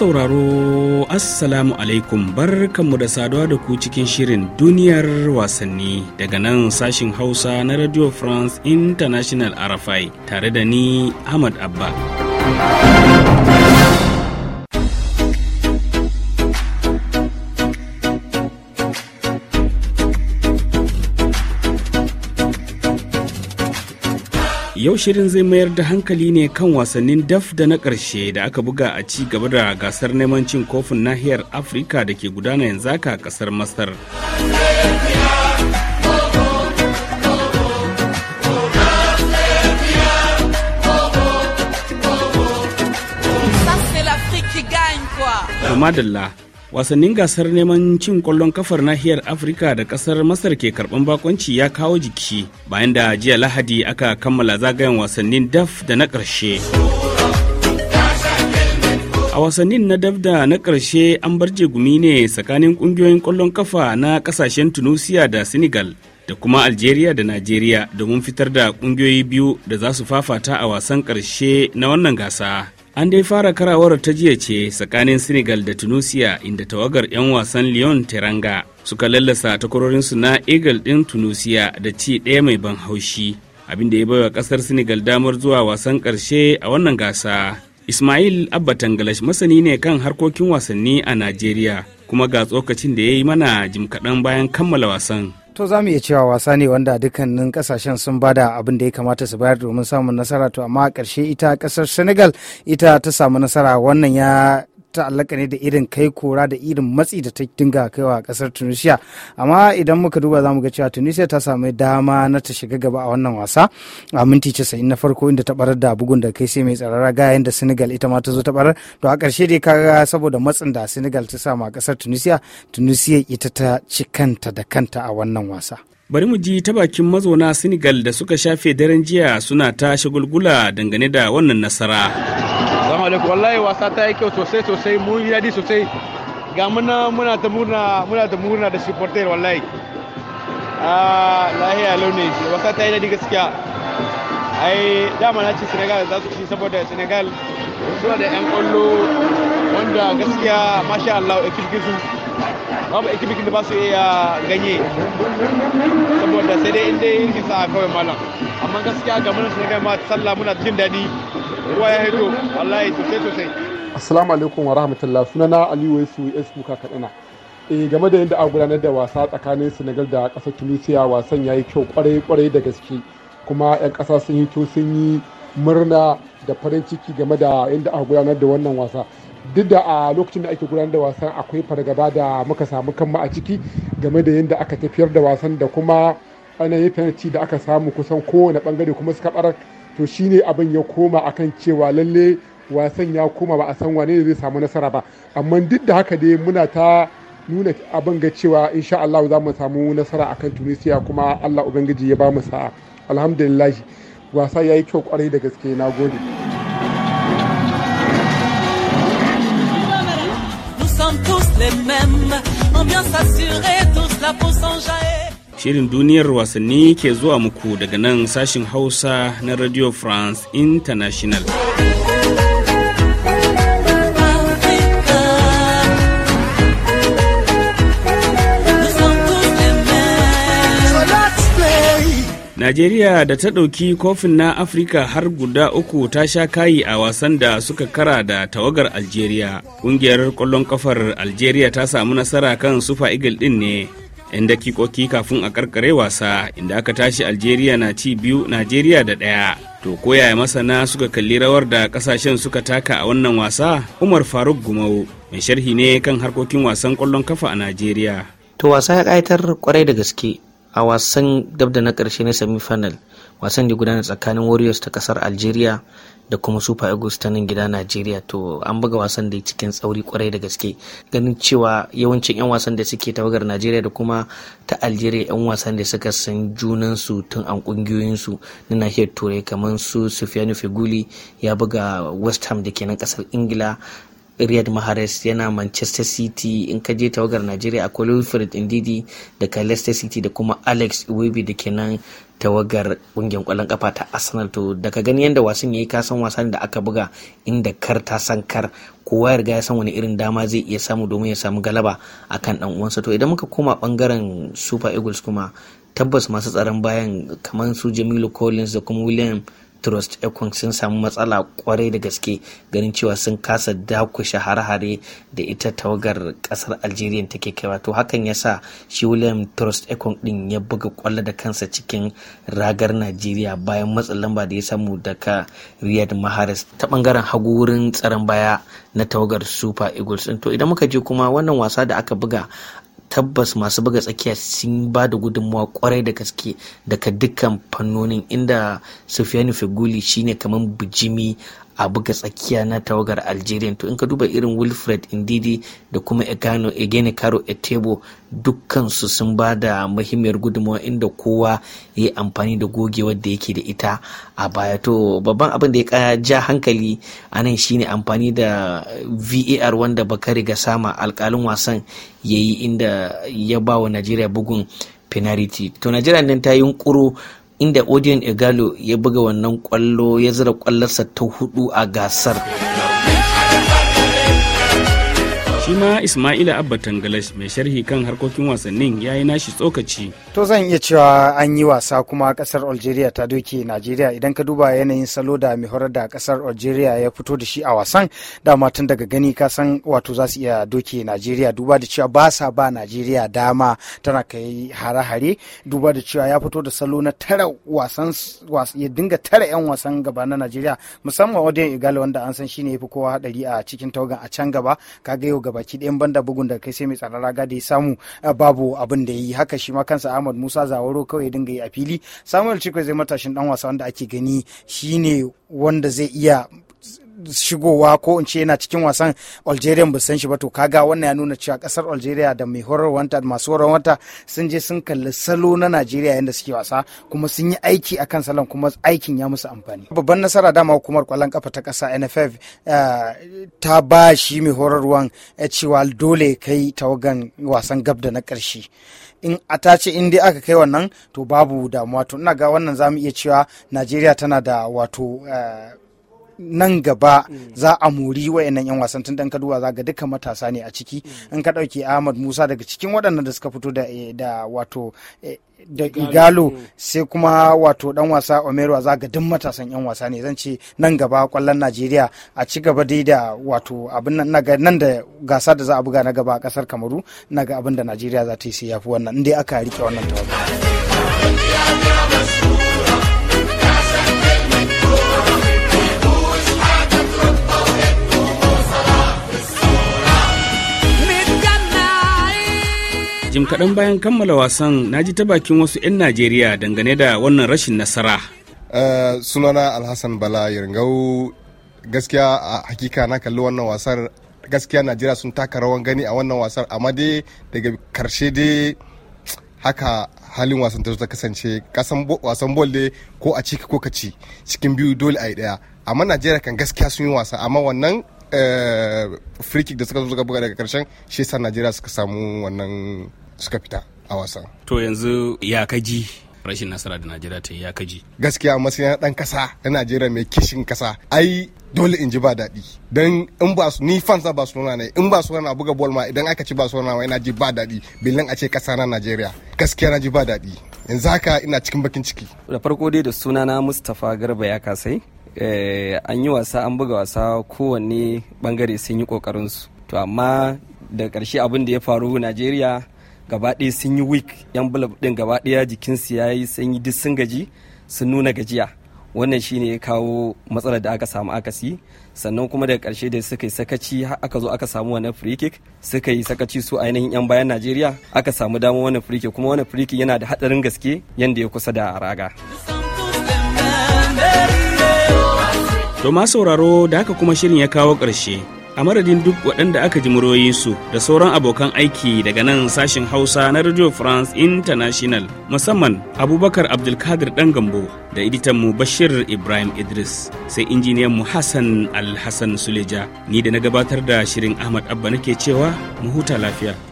sauraro Assalamu alaikum bar barkanmu da saduwa da ku cikin shirin duniyar wasanni daga nan sashin Hausa na Radio France International RFI tare da ni Ahmad Abba. yau shirin zai mayar da hankali ne kan wasannin daf da na ƙarshe da aka buga a ci gaba da gasar neman cin kofin nahiyar afirka da ke gudana yanzu a ƙasar masar madalla wasannin gasar neman cin kwallon kafar nahiyar afirka da kasar masar ke karban bakonci ya kawo jiki bayan da jiya lahadi aka kammala zagayen wasannin daf da na ƙarshe a wasannin na daf da na ƙarshe an bar jegumi ne tsakanin ƙungiyoyin kwallon kafa na ƙasashen tunisia da senegal da kuma algeria da nigeria domin fitar da ƙungiyoyi biyu da za su fafata a wasan ƙarshe na wannan gasa an dai fara karawar ta jiya ce tsakanin senegal da tunisia inda tawagar 'yan wasan lyon teranga suka lallasa takwarorinsu na eagle ɗin tunisia da ci ɗaya mai ban haushi abinda ya baiwa ƙasar senegal damar zuwa wasan ƙarshe a wannan gasa ismail abba tangalash masani ne kan harkokin wasanni a najeriya kuma ga tsokacin da ya yi mana jim kaɗan bayan kammala wasan to za mu iya cewa wasa ne wanda dukkanin kasashen sun bada abin da ya kamata su bayar domin samun nasara to amma a ƙarshe ita ƙasar senegal ita ta samu nasara wannan ya ta'allaka ne da irin kai kora da irin matsi da ta dinga kaiwa a kasar tunisia amma idan muka duba za mu ga cewa tunisia ta sami dama na ta shiga gaba a wannan wasa a minti casa'in na farko inda ta barar da bugun da kai sai mai tsarara ga yayin da senegal ita ma ta zo ta barar to a ƙarshe dai kaga saboda matsin da senegal ta samu a kasar tunisia tunisia ita ta ci kanta da kanta a wannan wasa bari mu ji ta bakin mazauna senegal da suka shafe daren jiya suna ta shagulgula dangane da wannan nasara alaikum wallahi wasa ta yi kyau sosai sosai mu yi daɗi sosai ga muna muna ta murna muna ta murna da supporter wallahi ah lahiya launi wasa ta yi daɗi gaskiya ai dama na ci senegal za su ci saboda senegal suna da yan kwallo wanda gaskiya masha Allah ekip gizu babu ekipkin da ba su iya ganye saboda sai dai inda yin kisa kawai malam amma gaskiya ga muna senegal ma sallah muna jin daɗi ruwa ya hito sosai sosai assalamu alaikum wa rahmatullah sunana aliyu waisu es kuka kadana e eh, game da yadda aka gudanar da wasa tsakanin senegal da ƙasar tunisia wasan ya yi kyau kwarai kwarai da gaske kuma 'yan kasa sun yi to sun yi murna da farin ciki game da yadda aka gudanar da wannan wasa duk da a lokacin da ake gudanar da wasan akwai fargaba da muka samu kanmu a ciki game da yadda aka tafiyar da wasan da kuma yi fenalti da aka samu kusan kowane bangare kuma suka barar to shine abin ya koma akan cewa lalle wasan ya koma ba a san wane zai samu nasara ba amma duk da haka dai muna ta nuna abin ga cewa insha Allah za mu samu nasara akan Tunisia kuma Allah ubangiji ya ba mu sa'a alhamdulillah wasa yayi kyau kwarai da gaske na Nous sommes ambiance assurée, tous la peau sans jaillir. Shirin duniyar wasanni ke zuwa muku daga nan sashin Hausa na Radio France International. Najeriya da ta ɗauki kofin na Afrika har guda uku ta sha kayi a wasan da suka kara da tawagar Algeria. Ƙungiyar ƙwallon ƙafar Algeria ta samu nasara kan Super Eagle ɗin ne 'yan dakikoki kafin a karkare wasa inda aka tashi algeria na ci biyu najeriya da daya to koyaya masana suka kalli rawar da kasashen suka taka a wannan wasa umar faruk gumau mai sharhi ne kan harkokin wasan kwallon kafa a najeriya to wasa ya kayatar kwarai da gaske a wasan dab da na karshe na semifinal wasan da gudana tsakanin warriors ta kasar algeria da kuma super eagles ta nan gida najeriya to an buga wasan da cikin tsauri kwarai da gaske ganin cewa yawancin 'yan wasan da suke tawagar nigeria da kuma ta algeria 'yan wasan da suka san junan su tun an su na nahiyar turai kamar su sufiyanu feguli ya buga west ham da ke nan kasar ingila riyad mahrez yana manchester city in ka je tawagar najeriya akwai wilfred ndidi ka leicester city da kuma alex iwobi da kenan tawagar kungiyar kwallon kafa ta arsenal to daga gani yadda wasan yayi kasan wasan da aka buga inda kar ta san kar kowa ya riga ya san wani irin dama zai iya samu domin ya samu galaba akan ɗan uwansa to idan muka koma ɓangaren super eagles kuma tabbas masu tsaron bayan kamar su jamilu collins da kuma william trust ekong sun samu matsala kwarai da gaske ganin cewa sun kasa dakushe har-hare da ita tawagar kasar algeria take kaiwa to hakan ya sa shi william trust ekong din ya buga kwallo da kansa cikin ragar najeriya bayan matsin lamba da ya samu daga riyad maharis ta bangaren hagu wurin tsaron baya na tawagar super eagles to idan muka je kuma wannan wasa da aka buga tabbas masu buga tsakiya sun ba da gudunmawa kwarai da gaske daga dukkan fannonin inda sufiyani feguli shine kamar bijimi a buga tsakiya na tawagar algeria to in ka duba irin wilfred indidi da kuma egano egene karo etebo dukkansu sun ba da muhimmiyar gudunmawa inda kowa ya yi amfani da goge wadda yake da ita a baya to babban abin da ya ja hankali a nan shine amfani da var wanda baka riga sama alkalin wasan ya yi inda ya ba wa najeriya bugun penalty to najeriya nan ta yi inda Odion egalo ya buga wannan kwallo ya zira kwallarsa ta hudu a gasar. shi ma ismaila abba tangalash mai sharhi kan harkokin wasannin ya yi nashi tsokaci to zan iya cewa an yi wasa kuma kasar algeria ta doke najeriya idan ka duba yanayin salo da mai horar da kasar algeria ya fito da shi a wasan dama tun daga gani ka san wato za su iya doke najeriya duba da cewa ba sa ba najeriya dama tana kai hare-hare duba da cewa ya fito da salo na tara wasan ya dinga tara 'yan wasan gaba na najeriya musamman wajen igalo wanda an san shine ya fi kowa hadari a cikin taugan a can gaba kaga yau gaba baki ɗayan banda bugun da kai sai mai tsara raga da ya samu babu abin da ya yi haka shi ma kansa Ahmad Musa Zawaro kawai ya dinga yi a fili Samuel Chikwe zai matashin dan wasa wanda ake gani shine wanda zai iya shigowa ko in ce yana cikin wasan algeria ba san shi ba to kaga wannan ya nuna cewa kasar algeria da mai horarwanta da masu horarwanta sun je sun kalli salo na nigeria yadda suke wasa kuma sun yi aiki akan salon kuma aikin ya musu amfani babban nasara dama hukumar kwallon kafa ta kasa nff eh, ta ba shi mai horarwan eh, cewa dole kai tawagan wasan gab da na karshe in a ta ce in dai aka kai wannan to babu damuwa to ina ga wannan zamu iya cewa najeriya tana da wato eh, nan gaba mm. za a muri wayannan yan wasan tun kaduwa za ga duka matasa ne a ciki mm. in ka dauke Ahmad Musa daga cikin waɗannan da suka fito da eh, da wato eh, da igalo mm. sai kuma wato dan wasa omero za ga duk matasan yan wasa ne zan ce nan gaba kwallon najeriya a ci gaba dai da wato abin nan da gasa da za a buga na gaba a kasar kamaru na ga abin da najeriya za ta yi sai yafi wannan dai aka rike wannan tawaga kaɗan bayan kammala wasan na ji ta bakin wasu 'yan najeriya dangane da wannan rashin nasara eh, sunana alhassan bala yirgau gaskiya a hakika na kalli wannan wasar gaskiya najeriya sun taka rawan gani a wannan wasar amma dai daga karshe dai haka halin wasan ta kasance wasan bol dai ko a ciki ko kaci cikin biyu dole a yi daya amma najeriya kan gaskiya sun yi wasa amma wannan eh, free kick da suka zo suka buga daga karshen shi sa Najeriya suka samu wannan suka fita a wasan to yanzu ya kaji rashin nasara da najeriya ta ya kaji gaskiya matsayin dan kasa na najeriya mai kishin kasa ai dole in ji ba daɗi don in ba su ni fans su nuna ne in su na buga bol ma idan aka ci barcelona ma ina ji ba daɗi billan a ce kasa na najeriya gaskiya na ji ba daɗi yanzu haka ina cikin bakin ciki da farko dai da suna na mustapha garba ya kasai eh, an yi wasa an buga wasa kowanne bangare sun yi kokarin su to amma da karshe abin da ya faru najeriya gaba ɗaya sun yi wik yan bulb ɗin gaba ɗaya jikinsu ya yi sanyi duk sun gaji sun nuna gajiya wannan shine ya kawo matsalar da aka samu akasi sannan kuma daga karshe da suka yi sakaci aka zo aka samu wani free kick suka yi sakaci su a yanayin yan bayan najeriya aka samu damar wani free kick kuma wani free kick yana da hadarin gaske yadda ya kusa da raga to ma sauraro da haka kuma shirin ya kawo ƙarshe. a madadin duk waɗanda aka ji muroyinsu da sauran abokan aiki daga nan sashen hausa na radio france international musamman abubakar abdulkadir dan gambo da editanmu bashir ibrahim idris sai injiniyan mu hassan alhassan suleja ni da na gabatar da shirin ahmad abba nake cewa mu huta lafiya